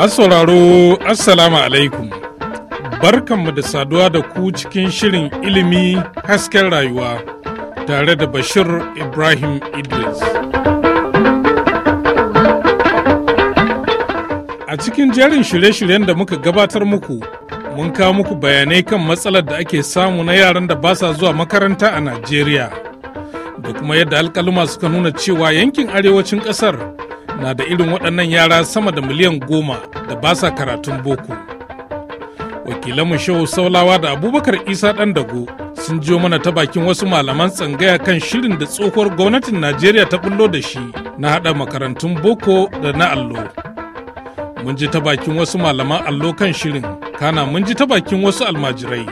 Masu sauraro Assalamu alaikum. Barkanmu da saduwa da ku cikin shirin ilimi hasken rayuwa tare da Bashir Ibrahim Idris. A cikin jerin shirye-shiryen da muka gabatar muku, mun kawo muku bayanai kan matsalar da ake samu na yaran da ba sa zuwa makaranta a Najeriya. Da kuma yadda alkaluma suka nuna cewa yankin arewacin ƙasar na da irin waɗannan yara sama da miliyan goma da ba sa karatun boko wakilanmu shehu saulawa da abubakar isa ɗan dago sun jiyo mana ta bakin wasu malaman tsangaya kan shirin da tsohuwar gwamnatin najeriya ta bullo da shi na haɗa makarantun boko da na allo mun ji ta bakin wasu malaman allo kan shirin kana mun ji ta bakin wasu almajirai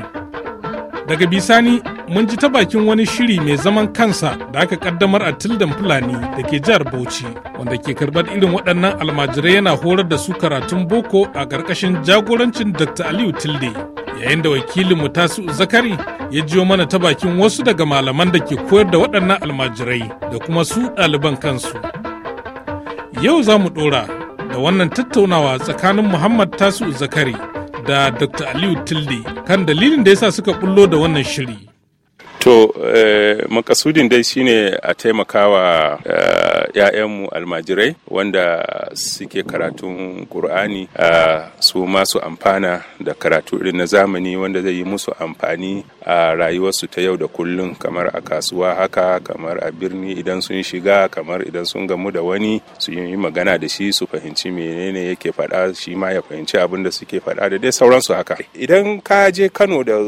daga bisani mun ji ta bakin wani shiri mai zaman kansa da aka kaddamar a tildan fulani da ke jihar bauchi wanda ke karbar irin waɗannan almajirai yana horar da su karatun boko a ƙarƙashin jagorancin dr aliyu tilde yayin da wakilinmu tasu zakari ya jiyo mana ta bakin wasu daga malaman da ke koyar da waɗannan almajirai da kuma su ɗaliban kansu yau za mu ɗora da wannan tattaunawa tsakanin muhammad tasu zakari da dr aliyu tilde kan dalilin da ya sa suka bullo da wannan shiri To, eh, makasudin dai shine a taimakawa ‘ya'yanmu eh, almajirai wanda suke karatun Kur'ani eh, su masu amfana da karatu irin na zamani wanda zai yi musu amfani a rayuwarsu ta yau da kullum kamar a kasuwa haka, kamar a birni idan sun shiga, kamar idan sun gamu da wani su yi magana da shi su fahimci menene yake faɗa shi ma ya fahimci abin da suke faɗa da dai sauransu haka. Idan ka je Kano da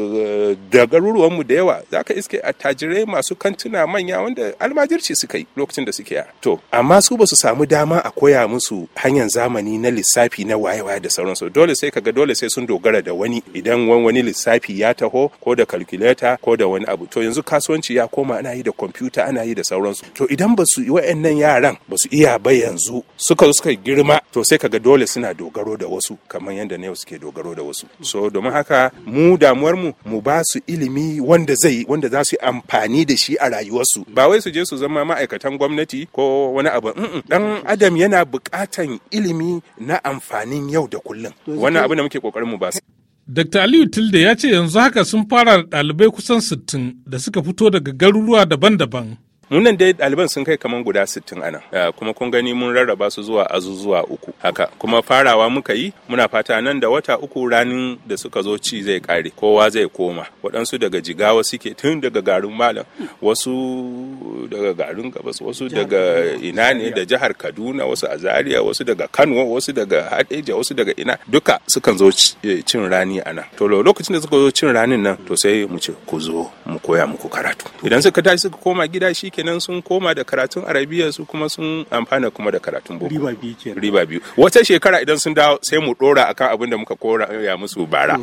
garuruwanmu da yawa, za ka iska suke attajirai masu kantuna manya wanda almajirci suka yi lokacin da suke yara to amma su ba su samu dama a koya musu hanyar zamani na lissafi na waye da sauransu dole sai kaga dole sai sun dogara da wani idan wani lissafi ya taho ko da kalkuleta ko da wani abu to yanzu kasuwanci ya koma ana yi da kwamfuta ana yi da sauransu to idan ba su wa'annan yaran ba su iya ba yanzu suka zo suka girma to sai kaga dole suna dogaro da wasu kamar yadda na yau suke dogaro da wasu so domin haka mu damuwar mu mu ba su ilimi wanda zai wanda za su amfani da shi a rayuwarsu ba wai su je su zama ma'aikatan gwamnati ko wani abu dan adam yana buƙatan ilimi na amfanin yau da kullum wani abu da muke kokarin mu ba su Dr. Aliyu Tilde ya ce yanzu haka sun fara da ɗalibai kusan sittin da suka fito daga garuruwa daban-daban. munan dai ɗaliban sun kai kaman guda sittin anan kuma kun gani mun rarraba su zuwa azuzuwa uku haka kuma farawa muka yi muna fata nan da wata uku ranin da suka zo ci zai kare kowa zai koma waɗansu daga jigawa suke tun daga garin malam wasu daga garin gabas wasu daga ina ne da jihar kaduna wasu a zaria wasu daga kano wasu daga hadeja wasu daga ina duka sukan zo eh, cin rani anan nan to lokacin da suka zo cin ranin nan to sai mu ce ku zo mu koya muku karatu idan suka tashi suka koma gida shi kenan sun koma da karatun arabiya su kuma sun amfana kuma da karatun boko riba biyu kenan riba biyu wata shekara idan sun dawo sai mu dora akan abin da muka kora ya musu bara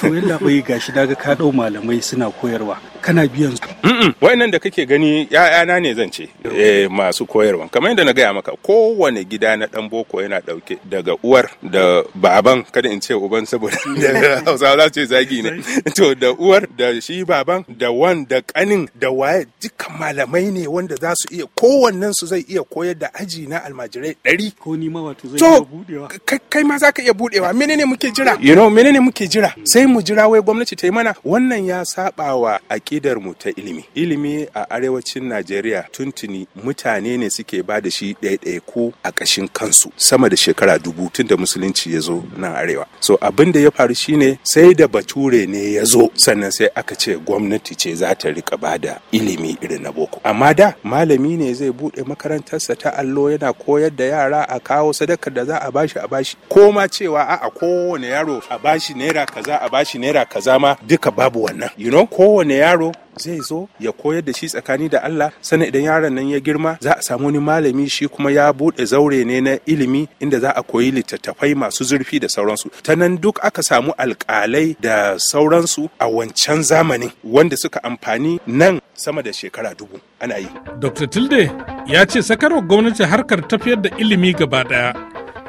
to yalla bai gashi daga ka dau malamai suna koyarwa kana biyan su. wayannan da kake gani ‘ya'yana ne zan ce eh, masu koyarwa kamar yadda na gaya maka kowane gida na dan boko yana ɗauke daga uwar da baban kada in ce uban saboda hausawa za su ce zagi ne to da uwar da shi baban da wan da kanin da waye dukkan malamai ne wanda za su iya kowannen su zai iya koyar da aji na almajirai ɗari ko ni ma wato zai iya budewa kai ma za ka iya budewa menene muke jira you know menene muke jira sai mu jira wai gwamnati ta yi mana wannan ya saba wa akidar mu ta ilimi ilimi ilimi a arewacin najeriya tuntuni mutane ne suke ba da shi ɗaiɗaiku a ƙashin kansu sama da shekara dubu tun da musulunci ya zo nan arewa so abin da ya faru shine sai da bature ne ya zo sannan sai aka ce gwamnati ce za ta riƙa ba da ilimi irin na boko amma da malami ne zai buɗe makarantarsa ta allo yana koyar da yara a kawo sadakar da za a bashi a bashi ko ma cewa a'a kowane yaro a bashi naira kaza a bashi naira kaza ma duka babu wannan you know kowane yaro zai zo ya koyar da shi tsakani da Allah sani idan yaron nan ya girma za a samu wani malami shi kuma ya bude zaure ne na ilimi inda za a koyi littattafai masu zurfi da sauransu ta nan duk aka samu alkalai da sauransu a wancan zamanin wanda suka amfani nan sama da shekara dubu ana yi. Dr. Tilde ya ce sakarwar gwamnati harkar tafiyar da ilimi gaba daya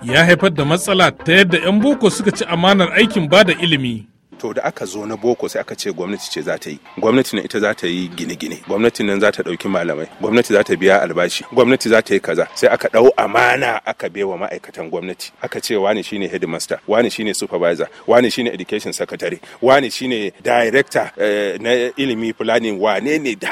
ya haifar da matsala ta yadda 'yan boko suka ci amanar aikin ba da ilimi. to da aka zo na boko sai aka ce gwamnati ce za ta yi gwamnati na ita za ta yi gine-gine gwamnati nan za ta ɗauki malamai gwamnati za ta biya albashi gwamnati za ta yi kaza sai aka ɗau amana aka bewa ma'aikatan gwamnati aka ce wani shine headmaster wani shine supervisor wani shine education secretary wani shine director eh, na ilimi planning wane ne da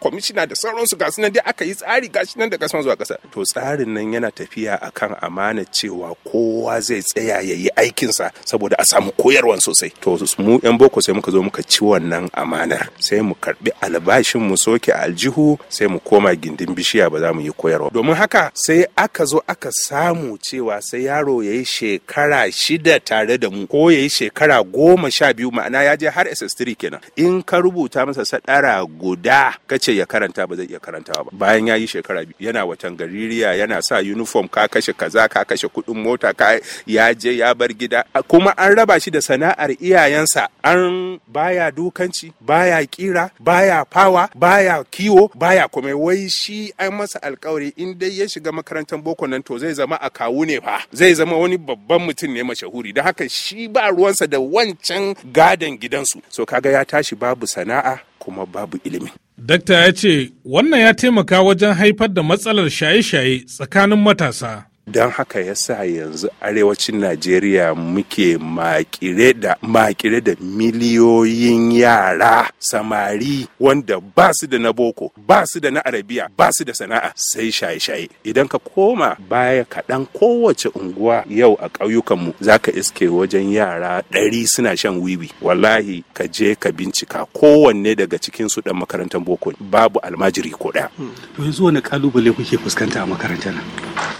commissioner da sauransu gasu nan dai aka yi tsari gashi nan da kasan zuwa kasa to tsarin nan yana tafiya akan amana cewa kowa zai tsaya ya yi aikinsa saboda a samu koyarwa sosai to mu yan boko sai muka zo muka ci wannan amanar sai mu karbi albashin mu soke aljihu sai mu koma gindin bishiya ba za mu yi koyarwa domin haka sai aka zo aka samu cewa sai yaro ya yi shekara shida tare da mu ko ya yi shekara goma sha biyu ma'ana ya je har ss3 kenan in ka rubuta masa sadara guda kace ya karanta ba zai iya karantawa ba bayan ya yi shekara biyu yana watan gaririya yana sa uniform ka kashe kaza ka kashe kudin mota ka ya je ya bar gida kuma an raba shi da sana'ar iyaye iyayensa an baya dukanci baya kira baya fawa baya kiwo baya kuma wai shi an masa alkawari in dai ya shiga makarantar boko nan to zai zama a kawu ne fa zai zama wani babban mutum ne mashahuri da haka shi ba ruwansa da wancan gadon gidansu so kaga ya tashi babu sana'a kuma babu ilimi dakta ya ce wannan ya taimaka wajen haifar da matsalar shaye-shaye tsakanin matasa don haka ya sa yanzu arewacin najeriya muke makire da makire da miliyoyin yara samari wanda ba su da na boko ba su da na arabiya ba su da sana'a sai shaye-shaye idan ka koma baya kaɗan kowace unguwa yau a ƙauyukanmu za ka iske wajen yara ɗari suna shan wiwi wallahi ka je ka bincika kowanne daga cikin su ɗan makarantar boko babu almajiri ko ɗaya. Hmm. to yanzu wani kalubale kuke fuskanta a makarantar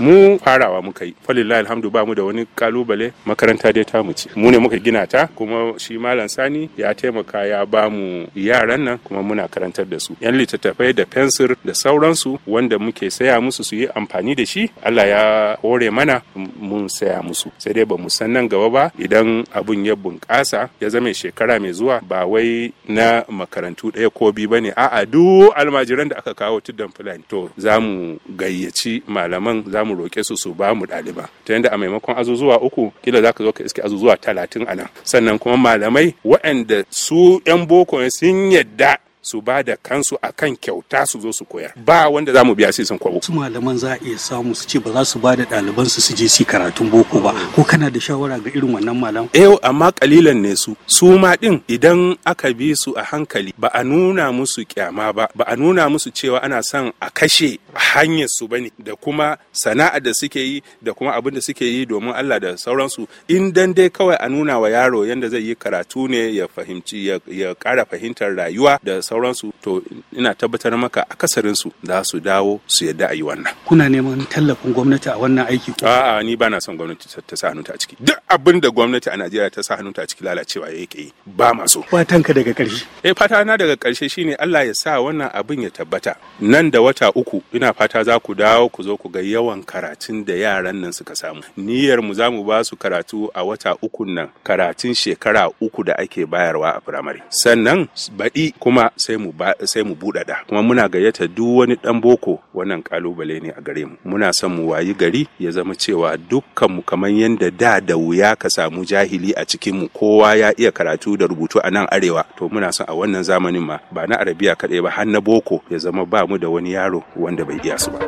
mu farawa muka yi falillahi alhamdu ba mu da wani kalubale makaranta dai ta mu ce mu ne muka gina ta kuma shi malam sani ya taimaka ya ba mu yaran nan kuma muna karantar da su yan littattafai da fensir da sauransu wanda muke saya musu su yi amfani da shi Allah ya kore mana mun saya musu sai dai ba mu san nan gaba ba idan abun ya bunƙasa ya zama shekara mai zuwa ba wai na makarantu ɗaya ko biyu ne. a'a duk almajiran da aka kawo tuddan fulani to za mu gayyaci malaman za za mu roƙe su su ba mu ɗaliba ta yadda a maimakon azuzuwa uku kila za ka zo ka iske azuzuwa talatin a nan sannan kuma malamai waɗanda su 'yan boko sun yadda su ba da kansu a kan kyauta su zo su koyar ba wanda za mu biya sai sun kwabo su malaman za a iya samu su ce ba za su ba da ɗaliban su su je su karatun boko ba ko kana da shawara ga irin wannan malam eh amma kalilan ne su su ma din idan aka bi su a hankali ba a nuna musu kyama ba ba a nuna musu cewa ana son a kashe hanyar su bane da kuma sana'a da suke yi da kuma abin da suke yi domin Allah da sauransu in dan dai kawai a nuna wa yaro yanda zai yi karatu ne ya fahimci ya kara fahimtar rayuwa da sauransu to ina tabbatar maka akasarinsu za su dawo su yadda a yi wannan kuna neman tallafin gwamnati a wannan aiki ko a'a ni ba na son gwamnati ta sa hannunta a ciki duk abin da gwamnati a Najeriya ta sa hannunta a ciki lalacewa ya yake ba ma so fatanka daga ƙarshe eh fata na daga ƙarshe shine Allah ya sa wannan abin ya tabbata nan da wata uku ina fata za ku dawo ku zo ku ga yawan karatun da yaran nan suka samu niyyar mu za mu ba su karatu a wata uku nan karatun shekara uku da ake bayarwa a firamare sannan baɗi kuma sai mu sai mu buɗaɗa kuma muna gayyata duk wani ɗan boko wannan kalubale ne a gare mu muna son mu wayi gari ya zama cewa dukkan mu kamar yadda da da wuya ka samu jahili a cikin mu kowa ya iya karatu da rubutu a nan arewa to muna son a wannan zamanin ma ba na arabiya kaɗai ba har na boko ya zama ba mu da wani yaro wanda bai iya su ba.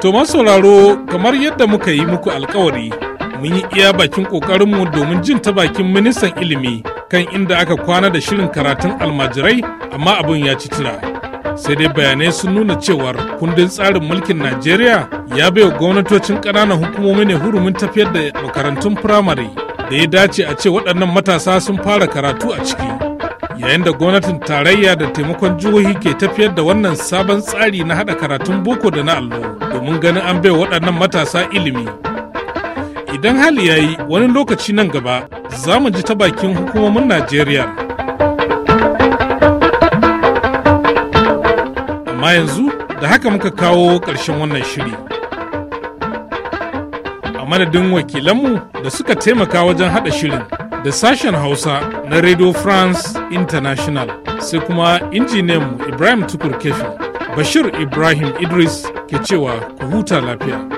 To sauraro kamar yadda muka yi muku alkawari mun yi iya bakin ƙoƙarinmu domin jin ta bakin ministan ilimi kan inda aka kwana da shirin karatun almajirai amma abin ya ci tura sai dai bayanai sun nuna cewar kundin tsarin mulkin najeriya ya baiwa gwamnatocin ƙananan hukumomi ne hurumin tafiyar da makarantun firamare da ya dace a ce waɗannan matasa sun fara karatu a ciki yayin da gwamnatin tarayya da taimakon jihohi ke tafiyar da wannan sabon tsari na haɗa karatun boko da na allo domin ganin an baiwa waɗannan matasa ilimi Idan hali ya yi wani lokaci nan gaba za mu ji ta bakin hukumomin Najeriya. Amma yanzu da haka muka kawo ƙarshen wannan shiri. A madadin wakilanmu da suka taimaka wajen haɗa shirin da sashen Hausa na Radio France International sai kuma injiniyanmu Ibrahim Tukur Kefi. Bashir Ibrahim Idris ke cewa ku huta lafiya.